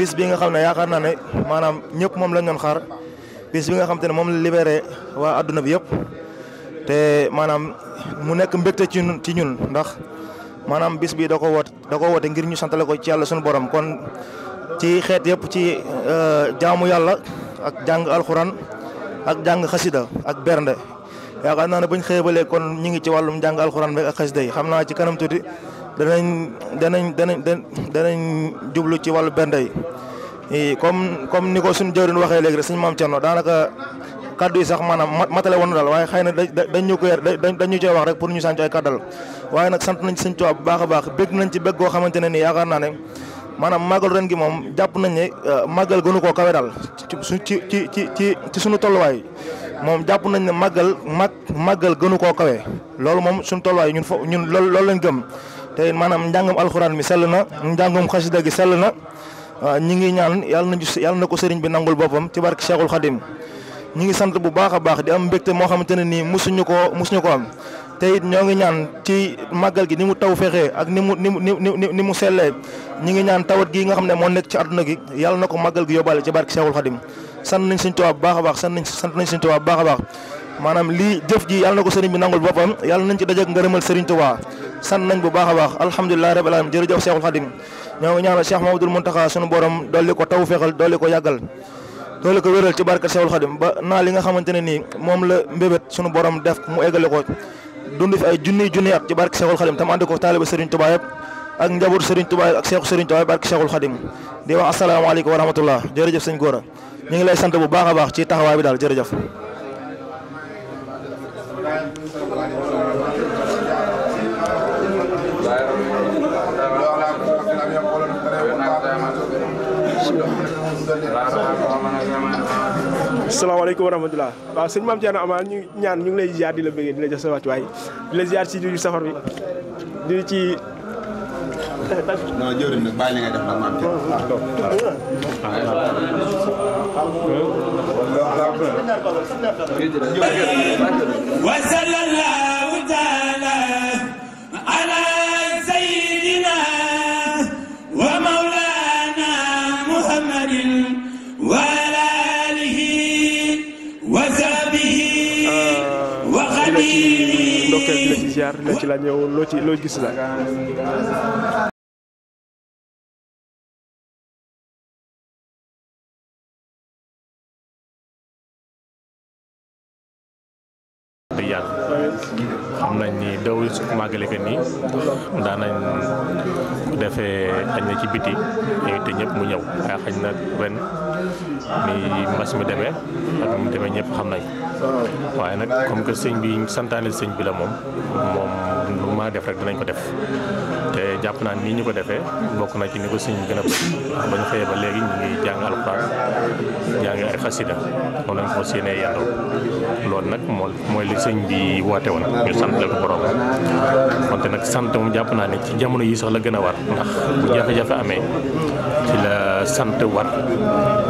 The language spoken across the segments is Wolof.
bis bi nga xam ne yaakaar naa ne maanaam ñëpp moom lañ doon xaar bis bi nga xam te ne moom la waa àdduna bi yëpp te maanaam mu nekk mbégte ci ñun ci ñun ndax maanaam bis bi da ko woote da ko woote ngir ñu santale ko ci yàlla suñu borom kon ci xeet yëpp ci euh, jaamu yàlla ak jàng alxuraan ak jàng xasida ak bernde yaakaar naa ne buñ xeebalee kon ñu ngi ci wàllum jàng alxuraan bi ak xasida yi xam naa ci kanam tuuti danañ danañ danañ danañ jublu ci wàllu bernde yi comme comme ni ko suñu jëwriñ waxee léegi rek suñu maam Thierno daanaka kaddu yi sax maanaam matale woon na daal waaye xëy na dañ ñu ko yar dañ ñu cee wax rek pour ñu sànco ay kàddal waaye nag sant nañ Sëñ Tuubaa bu baax a baax bégg nañ ci bégg koo xamante ne nii yaakaar naa ne maanaam màggal ren gi moom jàpp nañ ne euh, màggal gënu koo kawe daal ci ci ci ci ci ci suñu tolluwaay moom jàpp nañ ne màggal mag màggal gënu koo kawe loolu moom suñu tolluwaay ñun fo ñun loolu loolu lañ gëm te maanaam njàngam alxuraan mi sell na njàngam xasida gi sell na ah, ñi ngi ñaan yàlla na yàlla na ko sëriñ bi nangul boppam ci barke Cheikhul Khadim ñi ngi sant bu baax a baax di am mbégte moo xamante ne nii mosuñu ko mosuñu ko am te it ñoo ngi ñaan ci màggal gi ni mu taw fexee ak ni mu ni mu ni ni mu sellee ñi ngi ñaan tawat gi nga ne moo nekk ci àdduna gi yàlla na ko màggal gi yóbbaale ci barke Cheikhul Khadim sant nañ Sëriñ Tuubaa bu baax a baax sant nañ sant nañ Sëriñ Tuubaa bu baax a baax maanaam lii jëf ji yàlla na ko sëriñ bi nangul boppam yàlla nañ ci dajeek ngërëmal Sëriñ Tuubaa sant nañ bu baax a baax alhamdulilah rabbil alamin jërëjëf Cheikhul Khadim ñoo ngi ñaanal Cheikh Mamadou Mountakha sunu borom dolli ko taw fexal dolli ko yàggal dolli ko wéral ci barkat Cheikhul Khadim ba naa li nga xamante ne nii moom la mbébét sunu borom def mu eggale ko dund fi ay junniy junniy at ci barke Cheikhul Khadim tam ànd ko taaliba Serigne Touba yëpp ak njaboot Serigne Touba ak Cheikh Serigne Touba barke Cheikhul Khadim di wax asalaamaaleykum wa rahmatullah jërëjëf sëñ Gora ñu ngi lay sant bu baax a baax ci taxawaay bi daal jërëjëf salaamaaleykum wa rahmatulah waaw sëñ Mame Thierno Amar ñu ñaan ñu ngi lay ziar di la bëggee di la jox sa wàcc waay di la ziar ci biir safar bi di ci. non la di la ci ndokkeel di la ci ziar di ci laaj loo ci loo gis la. teewul màggale ko nii ndax daanañ ko defee xañ na ci biti te ñëpp mu ñëw waaye xañ na ren ni mbas mi demee ak mu demee ñëpp xam nañ waaye nag comme que sëñ bi santaane sëñ bi la moom moom lu ma def rek dinañ ko def te jàpp naa nii ñu ko defee bokk na ci ni ko suñ a bëri ba ñu xëyee ba léegi ñu ngi jàng alxuraan jàng ay xasida moom séenee yendoo loolu nag moom mooy li sëñ bi woote woon ñu sant la ko nag sant moom jàpp naa ne ci jamono yi sax la gën a war ndax bu amee ci la sant war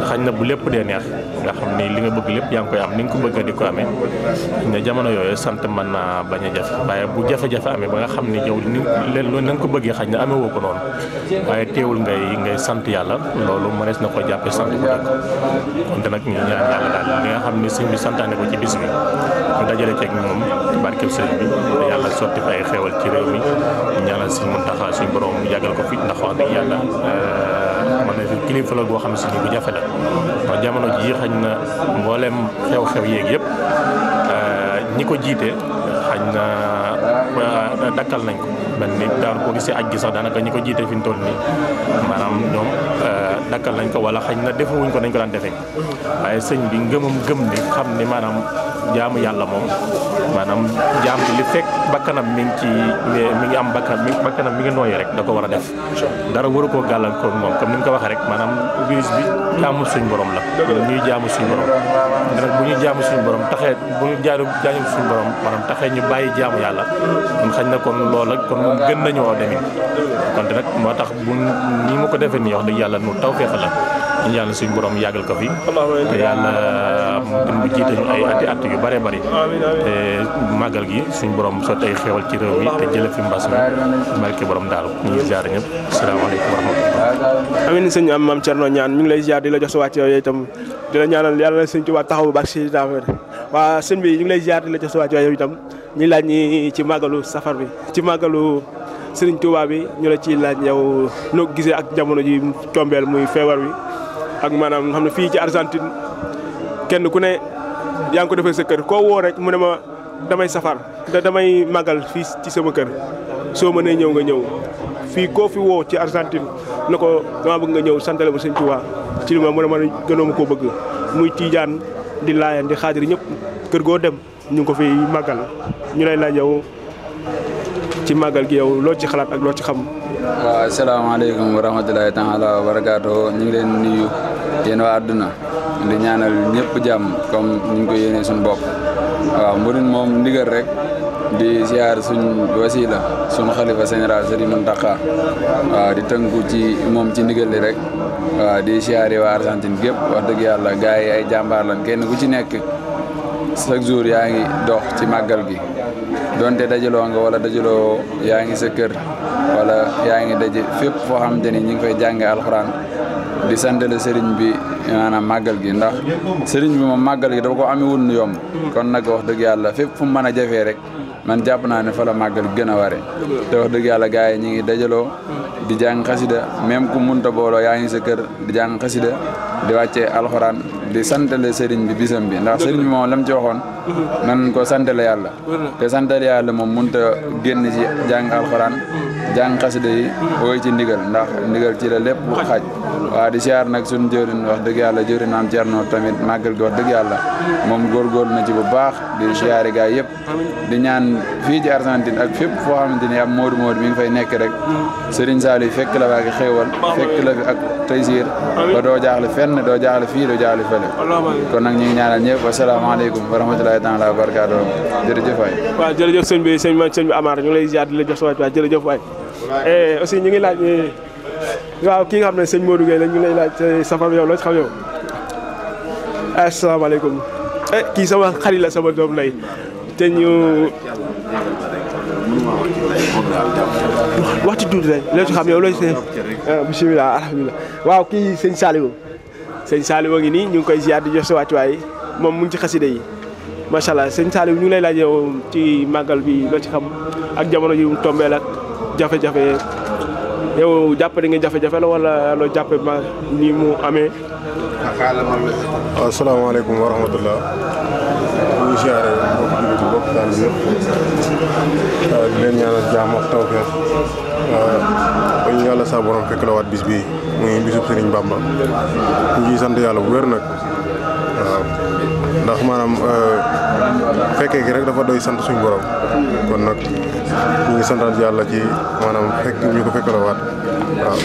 xañ bu lépp dee neex nga xam ni li nga bëgg lépp yaa ngi koy am ni ko bëgg di ko amee ne sant mën a ba nga xam ni yow ni nga ko bëggee xaj na amewoo ko noonu waaye teewul ngay ngay sant yàlla loolu mënees na ko jàppe sant bu dëkk konte nag ñu ñaan daal li nga xam ne sëñ bi santaane ko ci bis bi ñu dajale ceeg moom barkeb sëñ bi te yàlla sotti fa ay ci réew mi ñaanal sëñ Muntaxa suñ borom yàggal ko fi ndax wax dëgg yàlla euh, man kilifa la goo xam ne si bu jafe la ndax jamono jii xañ na mbooleem xew-xew yéeg yëpp euh, ñi ko jiite xañ na Euh, dakkal nañ ko mel ni daal boo gisee aj gi sax daanaka ñi ko jiite fi mu toll nii maanaam ñoom euh, dakkal nañ ko wala xañ na defewuñ ko nañ ko daan defee waaye sëñ bi ngëmam gëm ni xam ni maanaam jaamu yàlla moom maanaam jaam bi li fekk bakkanam mi ngi ci mi ngi am bakkan mi bakkanam mi ngi nooyi rek da ko war a def dara waru koo gàllankoor moom comme ni nga ko waxee rek maanaam virus bi jaamu suñ borom la ñuy jaamu suñ borom nag bu ñuy jaamu suñ borom taxee bu ñu jaamu jaamu suñ borom maanaam taxee ñu bàyyi jaamu yàlla kon xañ na kon loola kon moom gën nañoo demee kon nag moo tax bu nii ma ko defee nii wax dëgg yàlla nu tawfeex la ñu yàlla suñ borom yàggal ko fi te yàlla mu dund jiite ñu ay ati at yu bare bari te eh, màggal gi suñ borom sotti ay xéewal ci réew mi te jële fi mbas mi barke borom daal ñu ngi ziar ñëpp asalaamaaleykum wa rahmatulah. amiin ñaan ñu ngi lay ziar di la jox sa wàcc yooyu itam di la yàlla na sëñ Tuubaa taxawu baax si affaire waa sëñ bi ñu ngi lay ziar di la jox sa wàcc yooyu itam ñu ñi ci màggalu safar bi ci màggalu. sëriñ Touba bi ñu la ci laaj yow noo gisee ak jamono ji tombeel muy feebar wi ak maanaam xam ne fii ci Argentine kenn ku ne yaa ngi ko defee sa kër koo woo rek mu ne ma damay safar damay màggal fii ci sama kër soo mënee ñëw nga ñëw fii koo fi woo ci Argentine na ko dama bëgg nga ñëw santale ma sëñ Tuubaa ci li ma mën a mën a gënooma koo bëgg muy tiijaan di laayaan di xaadir ñëpp kër goo dem ñu ngi ko fi màggal ñu lay laaj yow ci màggal gi yow loo ci xalaat ak loo ci xam waaw asalaamaaleykum wa rahmatulahi taala wa barakaatu ñu ngi leen nuyu yéen waa àdduna di ñaanal ñëpp jàmm comme ñu ngi ko yéene suñu bopp waaw mburin moom ndigal rek di ziar suñ wasila suñ xalifa général Sëriñ Muntaxa waaw di tënku ci moom ci ndigal li rek waa di ziar yi waa gépp wax dëgg yàlla gars yi ay jàmbaar lan kenn ku ci nekk chaque jour yaa ngi dox ci màggal gi donte dajaloonga wala dajaloo yaa ngi sa kër wala yaa ngi daje fépp foo xamante ni ñu ngi fay jànge alxuraan di santale sëriñ bi maanaam màggal gi ndax sëriñ bi moom màggal gi dafa ko amee wun yomb kon nag wax dëgg yàlla fépp fu mu mën a jafee rek man jàpp naa ne fa la màggal gën a ware te wax dëgg yàlla gars yi ñu ngi dajaloo di jàng xasida même ku munta booloo yaa ngi sa kër di jàng xasida di wàccee alxuraan di santale sëriñ bi bisam bi ndax sëriñ bi moom lam ci waxoon nan ko santale yàlla te santale yàlla moom munta génn ci jàng alxuraan jàng xasida yi wooy ci ndigal ndax ndigal ci la lépp xaj waaw di siyaar nag suñu jëwrin wax dëgg yàlla jëwrin am Cerno tamit màggal gi wax dëgg yàlla moom góorgóorlu na ci bu baax di siyaari gaa yëpp di ñaan fii ci Argentine ak fépp foo xamante ni ab moodu moodu mi ngi fay nekk rek Serigne Saliou fekk la waagi xéewal fekk la fi ak taysir ba doo jaaxle fenn doo jaaxle fii doo jaaxle fële kon nag ñu ñaanal ñëpp wa rahmatulahi taala wa barakatuh jërëjëf waay waaw jërëjëf sëñ bi sëñ ma sëñ Eh, aussi ñu ngi laaj eh, waaw ki nga xam ne sëñ Modou Gueye la lay laaj eh, sa famille yow loo ci xam yow. asalaamaaleykum eh kii sama xarit la sama doom lay te ñu. waxtu tuuti rek loo ci xam yow loo ci see bisimilah alhamdulilah waaw kii sëñ Saliou sëñ Saliou a ngi nii ñu ngi koy ziar di jox sa waay moom mu ci xasida yi macha allah sëñ Saliou ñu ngi lay laaj yow ci màggal bi loo ci xam ak jamono ji mu tombeel jafe-jafe yow jàppale nga jafe-jafe la wala loo jàppe ba ni mu amee. waaw salaamaaleykum wa rahmatulah. ñu ngi ziare mbokk jullit yi mbokk taal bi yëpp di leen ñaanal jàmm ak tawfeex ba ñu yàlla saa borom fekk la waat bis bii muy bisub Sëriñ Bàmba ñu ngi sant yàlla bu wér nag waaw. ndax maanaam euh, fekkee gi rek dafa doy sant suñ borom kon nag ñu ngi santaat yàlla ci maanaam fekk ñu ko fekkalawaat waaw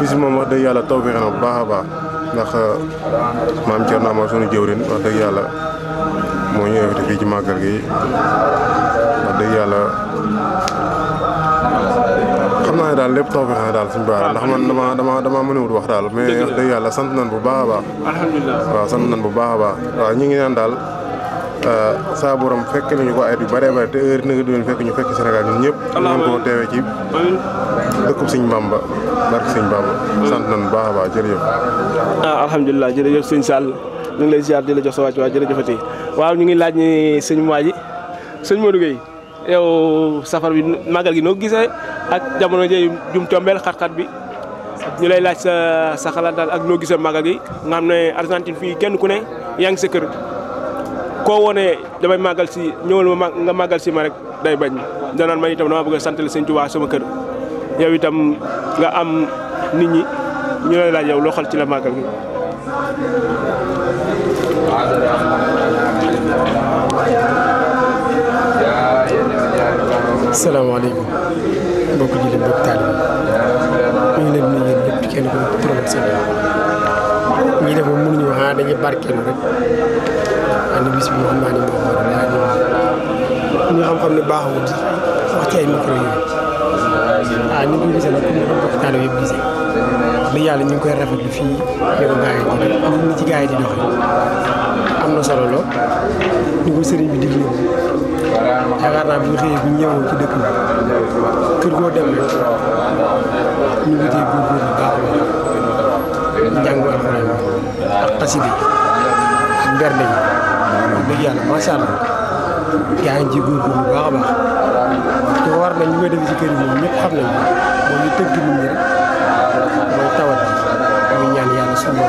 bis moom wax dëgg yàlla taw fexe na bu baax a baax ndax euh, maam Thierno Amar sunu jëwrin dëgg yàlla moo ñu invité fii ci màggal gi wax dëgg yàlla daal lépp tawfeex la daal suñu baax ndax man dama dama dama mënewut wax daal mais wax dëgg yàlla sant nañ bu baax a baax alhamdulilah waaw sant nañ a baax waaw ñu ngi naan daal euh, saa borom fekk nañu ko ayat yu bëree bëri te heure nanga doon fekk ñu fekk Sénégal ñun ñëpp ñu ko teewee ci dëkkub Sëñ Bamba barke Sëñ Bamba sant nañ bu baax a baax jërëjëf ah jox sa wàcc waaw ñu ngi laaj ñi sëñ waa ji sëñ Modou Gueye yow safar bi màggal gi noo gisee ak jamono jii jum tombeel xat-xat bi ñu lay laaj sa xalaat daal ak noo gisee màggal gi nga xam ne Argentine fii kenn ku ne yaa ngi sa kër koo woone damay màggal si ñëwal ma nga màggal si ma rek day bañ danaan man itam dama bëgg a santal Sëñ Tuubaa sama kër yow itam nga am nit ñi ñu lay laaj yow loo ci la màggal gi asalaamaaleykum mbokk ji la mbokk taal bi ñu ngi leen di nuyu ñëpp kenn ku nekk turam ak seen ñi def moom ah, ne ñu ne ñu ngi ñu mbokk li yàlla ñu ngi koy rafetlu fii ñu gaa yi di def am na ci gaa am na solo lool ñu ko sëriñ bi diglu yaakaar naa bu xëyee bu ñu ñëwoon ci dëkk bi kër goo dem rek ngi tey góorgóorlu baax na njàngu ngi ci góorgóorlu bu baax baax te war na ñu koy def ci kër yi moom ñëpp xam nañu moom tëgg nit ñi rek mooy tawat bi ñaan yàlla suñu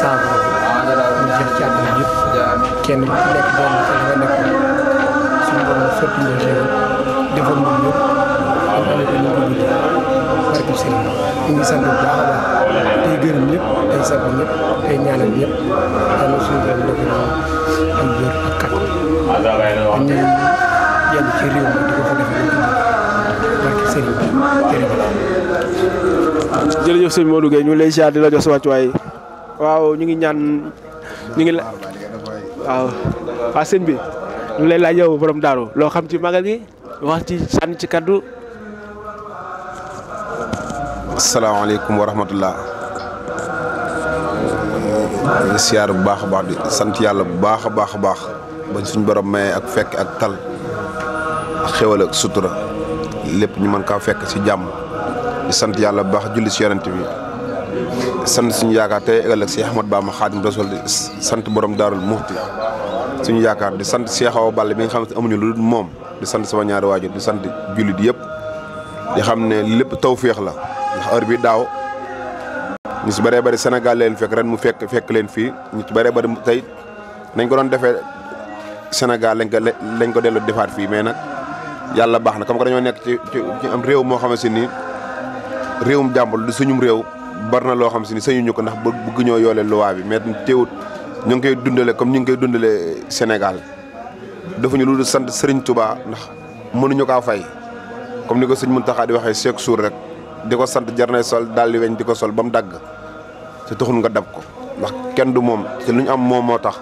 saafara jeex ci àdduna bi yëpp kenn ku nekk doon na nga nekk suñu borom sotti nga xew defal moom yëpp am na ko ñu ko guddi barke sëriñ ñu ngi sant bu baax a baax tey gërëm ñëpp tey sant ñëpp tey ñaanal ñëpp am na suñu borom def na am wér ak kàttan ñu jël ci réew mi di ko fa defee barke sëriñ jërëjëf sëñ Modou Gueye ñu lay ziar di la jox sa wàccuwaay waaw ñu ngi ñaan ñu ngi la waaw waaw sëñ bi ñu lay laaj yow borom daaru loo xam ci magal gi wax ci sànni ci kaddu. asalaamaaleykum wa rahmatullah siyaar bu baax a baax di sant yàlla bu baax a baax a baax ba suñ borom may ak fekk ak tal ak ak sutura lépp ñu mën kaa fekk ci jàmm di sant yàlla bu baax julli ci yonent bi sant suñu yaakaar tey ëllëg si Ahmad Bamba Xaadim Rasul di sant borom daarul muxti suñu yaakaar di sant Cheikh Awa Balla bi nga xam ne amuñu lu dul moom di sant sama ñaari waajur di sant jullit yëpp di xam ne lépp tawféex la ndax heure bi daaw ñu si bëree bari Sénégal leen fekk ren mu fekk fekk leen fii ñu si bëree bëri tey nañ ko doon defee Sénégal lañ ko lañ ko delloo defaat fii mais nag yàlla baax na comme que dañoo nekk ci ci am réew moo xamante ni réewum jàmbur du suñum réew. bar na loo xam si ni sëñuñu ko ndax bu ñoo yoole luwaa bi mais teewut ñu ngi koy dundale comme ñu ngi koy dundale Sénégal dafa ñu lu dul sant Serigne Touba ndax mënuñu kaa fay comme ni ko sëñ Mountakha di waxee chaque jour rek di ko sant jar na sol daal di weñ di ko sol ba mu dagg te taxul nga dab ko ndax kenn du moom te lu ñu am moom moo tax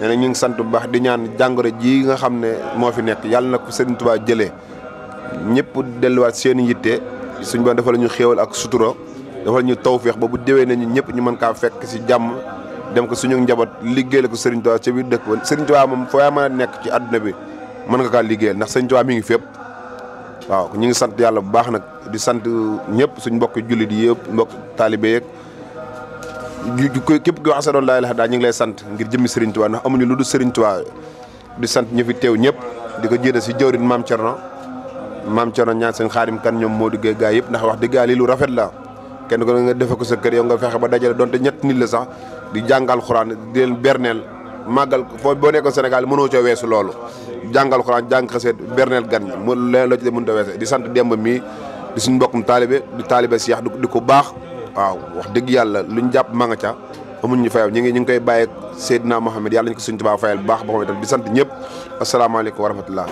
nee na ñu ngi sant bu baax di ñaan jàngoro ji nga xam ne moo fi nekk yàlla na ko Serigne Touba jëlee ñëpp delluwaat seen i suñ ba dafa la ñu xéewal ak sutura dafal ñu tawféex ba bu déwee nañu ñëpp ñu mën kaa fekk si jàmm dem ko suñu njaboot liggéeyal ko sëriñ Touba ca biir dëkk ba Serigne moom foo mën a nekk ci àdduna bi mën nga kaa liggéeyal ndax Serigne Touba mi ngi fépp waaw ñu ngi sant yàlla bu baax nag di sant ñëpp suñ mbokk jullit yëpp mbokk taalibe yeeg képp ki wax asadoon laa ilaaha daal ñu ngi lay sant ngir jëmmi sëriñ Touba ndax amuñu lu dul Serigne Touba di sant ñu fi teew ñëpp di ko jiite si jawrin maam Thierno maam Thierno ñaan seen xaarim kan ñoom moo diggee gaa yëpp ndax wax dëgg lu rafet la kenn ko nga defe ko sa kër yow nga fexe ba dajale donte ñett nit la sax di jàngal xuraan di leen berneel màggal foo boo nekkoon Sénégal mënoo ca weesu loolu jàngal xuraan jàng xaseet berneel a demb mii di suñ mbokkum taalibe di taalibe Seex di ko baax waaw wax dëgg yàlla lu jàpp ma a ca amuñ ñu fayaw ñu ngi ñu ngi koy bàyyeeg Seydina Mohamed yàlla ñu ko suñ tubaab fayal bu baax boo xam ne di sant ñëpp asalaamaaleykum wa rahmatullah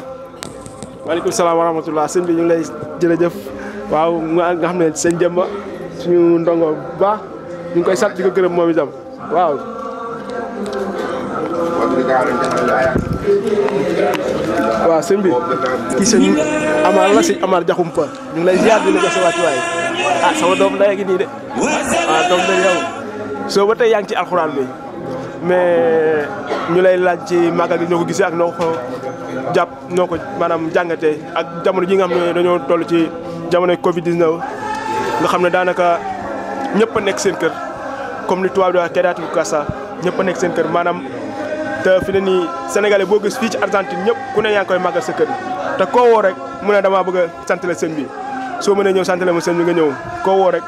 waaleykum salaam wa rahmatullah sëñ a ñu ngi lay jërëjëf waaw nga xam ne sëñ suñu ndongo bu ñu ngi koy sant di ko gërëm moom itam waaw. waaw sëñ bi kii sëñ Amar la sëñ Amar Diakhoumpa ñu ngi lay ziar di la jox sa wàccuwaay ah sama doom ndey gi nii de waaw ah, soo ba tey yaa ci alxuraan bi mais ñu lay laaj ci màggal gi ñoo ko gisee ak noo ko jàpp noo ko maanaam jàngatee ak jamono ji nga xam ne dañoo toll ci jamono Covid 19. nga xam ne daanaka ñëpp a nekk seen kër comme li tubaab di wax kedaatiku kasa ñëpp a nekk seen kër maanaam te fi ne nii sénégalais boo gis fii ci Argentine ñëpp ku ne yaa ngi koy màggal sa kër te koo woo rek mu ne damaa bëgg a sant la sëñ bi soo mënee ñëw sant la ma sëñ bi nga ñëw koo woo rek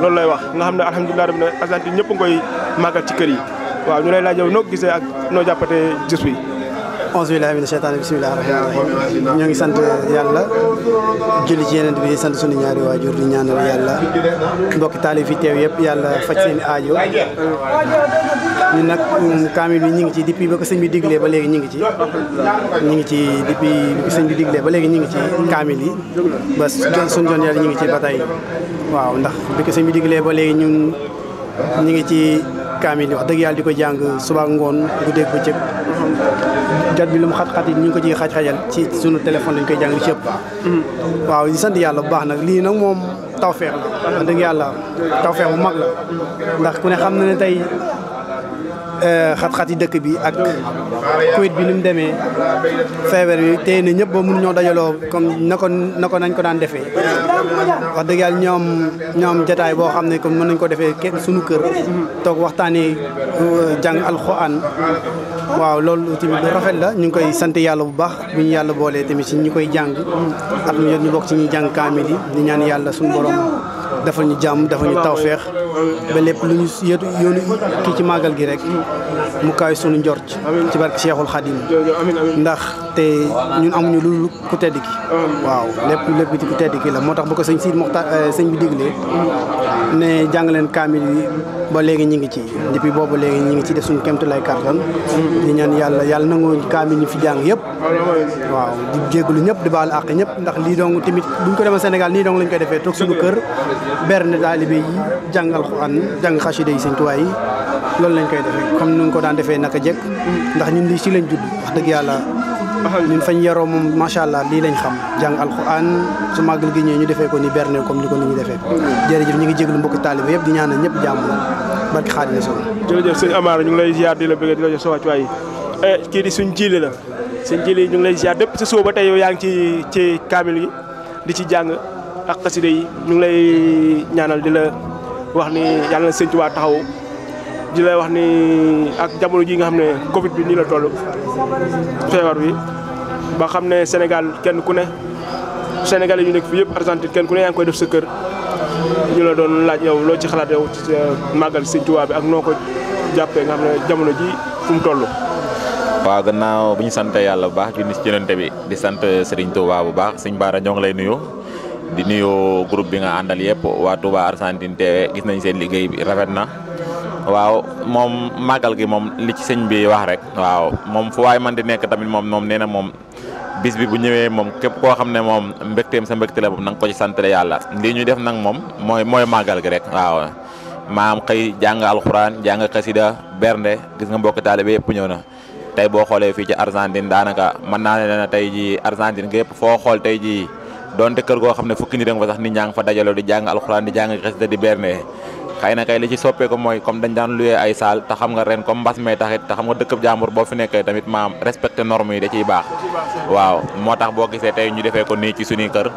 loolu lay wax nga xam ne alhamdulilah rabbil Argentine ñëpp a ngi koy màggal ci kër yi waaw ñu lay laaj yow noo gisee ak noo jàppatee gis bi onze billahi mina sheytaani bismillahi rahmaani rahiim ñoo ngi sant yàlla julli ci yeneen bi sant sunu ñaari waajur di ñaanal yàlla mbokki taalif fi teew yëpp yàlla faj seen aajo ñun nag um, kaamil bi ñu ngi ci depuis ba ko sëñ bi diglee ba léegi ñu ngi ci ñu ngi ci depuis sëñ bi diglee ba léegi ñu ngi ci kaamil yi ba suñ joon yàlla ñu ngi ci ba tey waaw ndax bi ko sëñ bi ba léegi ñun ñu ngi ci kaamil yi wax dëgg yàlla di ko jàng suba ngoon guddeeg bëccëg xam jot bi lu mu xat-xat yi ñu ngi ko ciy xaj-xajal ci sunu téléphone lañu koy jàng ci yëpp mm-hmm. waaw di sant yàlla bu baax nag lii nag moom tawfeex la wax dëgg yàlla tawfeex bu mag la ndax ku ne xam na ne tey eh, xat yi dëkk bi ak Covid bi ni demee feebar bi tey ne ñëpp ba mun ñoo dajaloo comme na ko nañ ko daan defee wax dëgg yàlla ñoom ñoom jataay boo xam ne comme mën nañ ko defee kenn suñu kër mm-hmm. toog waxtaanee eh, jàng alxuraan waaw loolu tamit lu rafet la ñu ngi koy sant yàlla bu baax bu ñu yàlla boolee tamit si ñu koy jàng at mu jot ñu bokk ci ñuy jàng kaamil yi di ñaan yàlla suñu borom dafa ñu jàmm dafa ñu tawfeex ba lépp lu ñu yëtu yoonu kii ci màggal gi rek mu kaay sunu njort ci barke Cheikhul Khadim ndax te ñun amuñu lu ku tedd ki waaw lépp lépp ci ku tedd ki la moo tax bu ko sëñ Siid Moxtaar eh, sëñ bi diglee ne jàng leen kaamil ba léegi ñu ngi ci boobu léegi ñu ngi ci def suñu kemtu lay kartan di ñaan yàlla yàlla nangoo kaamil ñu fi jàng yëpp waaw di jégalu ñëpp di baal àq ñëpp ndax lii timit tamit ñu ko demee senegal nii dong lañ koy defee toog suñu kër berne taalibe yi jàngal alxuraan jàng xasida yi sëñ Tuubaa yi loolu lañ koy defee comme nu ko daan defee naka jekk ndax ñun lii ci lañ judd wax dëgg yàlla ñun fañ yaroo moom macha allah lii lañ xam jàng alxuraan su màggal gi ñu defee ko ni berne comme ko ni ñu defee jërëjëf ñu ngi jéglu mbokk taalibe yëpp di ñaanal ñëpp jàmm barki xaalis so jërëjëf sëñ Amar la sa wàccuwaay yi eh, kii suñ jili la suñ jili ñu lay ziar depuis sa suba ba tey yow yaa ngi ci kaamil yi di ci jàng ak xasida yi ñu ngi lay ñaanal di la wax ni yàlla na sëñ taxaw di lay wax ni ak jamono ji nga xam ne Covid bi nii la toll feebar bi ba xam ne Sénégal kenn ku ne Sénégal yu nekk fi yëpp Argentine kenn ku ne yaa ngi koy def sa kër ñu la doon laaj yow loo ci xalaat yow ci màggal sëñ Tuubaa bi ak noo ko jàppee nga xam ne jamono ji fu mu toll. waaw gannaaw bi ñu sant yàlla bu baax di nuyu ci yonent bi di sant Serigne Touba bu baax sëñ Baara ñoo ngi lay nuyu. di nuyu groupe bi nga àndal yëpp waa Touba Argentine TV gis nañ seen liggéey bi rafet na waaw moom màggal gi moom li ci sëñ bi wax rek waaw moom fu waay man di nekk tamit moom moom nee na moom bis bi bu ñëwee moom képp koo xam ne moom mbégteem sa mbégte la moom na nga ko ci sant yàlla lii ñu def nag moom mooy mooy màggal gi rek waaw maam xëy jàng alxuraan jàng xasida bernde gis nga mbokk taalibe yëpp ñëw na tey bo xoolee fii ci Argentine daanaka mën naa ne na tey ji Argentine donte kër goo xam ne fukki nit a nga fa sax nit ñaa ngi fa dajaloo di jàng alxuraan di jàng xasida di berne xëy na li ci soppeeku mooy comme dañ daan luyee ay saal te xam nga ren comme mbas mee taxit te xam nga dëkkab jàmbur boo fi nekkee tamit maam respecté normes yi da ciy baax waaw moo tax boo gisee tey ñu defee ko nii ci suñuy kër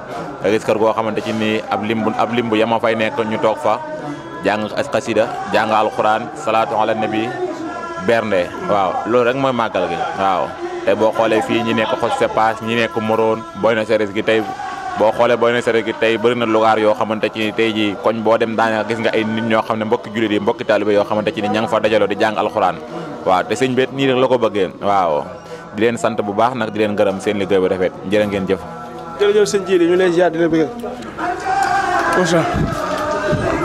nga gis kër goo xamante ci nii ab limbu ab limbu yama fay nekk ñu toog fa jàng xasida jàng alxuraan salaatu ala nabi bernde waaw loolu rek mooy màggal gi boo xoolee fii ñi nekk Hospepas ñi nekk Morone Buenos Aires gi tey boo xoolee boo ne sere gi tey bëri na lugaar yoo xamante ci ni tey ji koñ boo dem daanaka gis nga ay nit ñoo xam ne mbokki jullit yi mbokki taalibe yoo xamante ci ni ña fa dajaloo di jàng alxuraan waaw te sëñ bi nii rek la ko bëggee waaw di leen sant bu baax nag di leen gërëm seen liggéey bu rafet jërë ngeen jëf jërëjëf sëñ ji ñu leen ziar di leen bëgg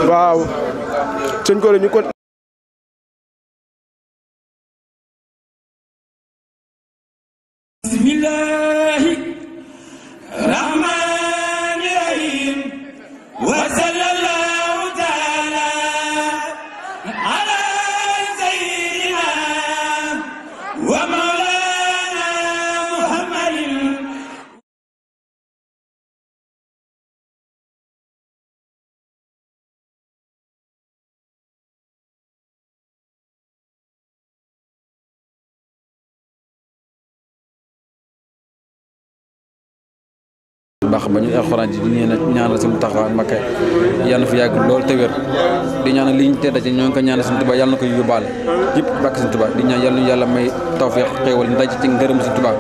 waaw sëñ ko ñu ko baax ba ñu alxuraan ji di ñaanal si mu taxaw ak Mbakke yal na fi yàgg lool te wér di ñaanal li ñu teel daje ñoo ngi ko ñaanal Sëñ Tuubaa yal na ko yóbbaale yëpp bàkk Sëñ Tuubaa di ñaan yal nañu yàlla may tawfeex xéewal ndaje ci ngërëm Sëñ Tuubaa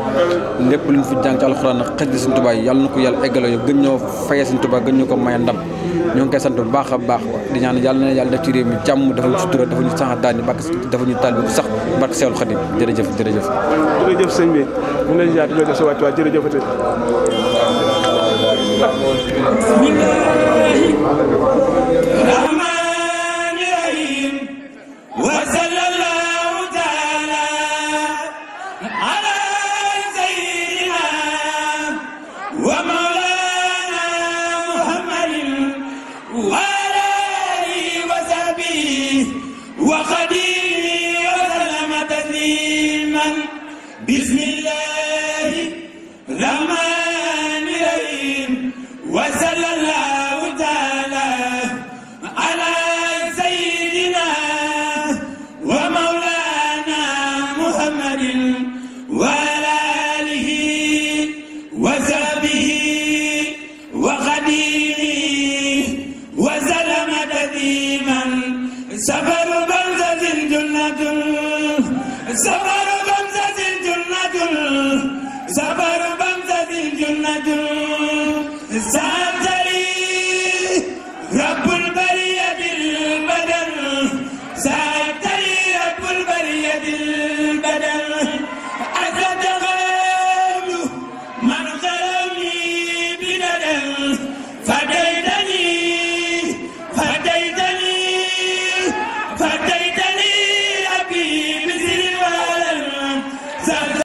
lépp lu ñu fi jàng ci alxuraan xëj na Sëñ Tuubaa yal na ko yàlla eggale yow gën ñoo fayee Sëñ Tuubaa gën ñu ko may ndam ñoo ngi koy sant bu baax a baax di ñaan yàlla na yàlla def ci réew mi jàmm dafa ñu sutura dafa ñu sax daal ni bàkk dafa ñu taal bi sax barke Seexul Xadim jërëjëf jërëjëf jërëjëf sëñ bi mu ne yaa di la sa wàccuwaay jërëjëf bismillah Ça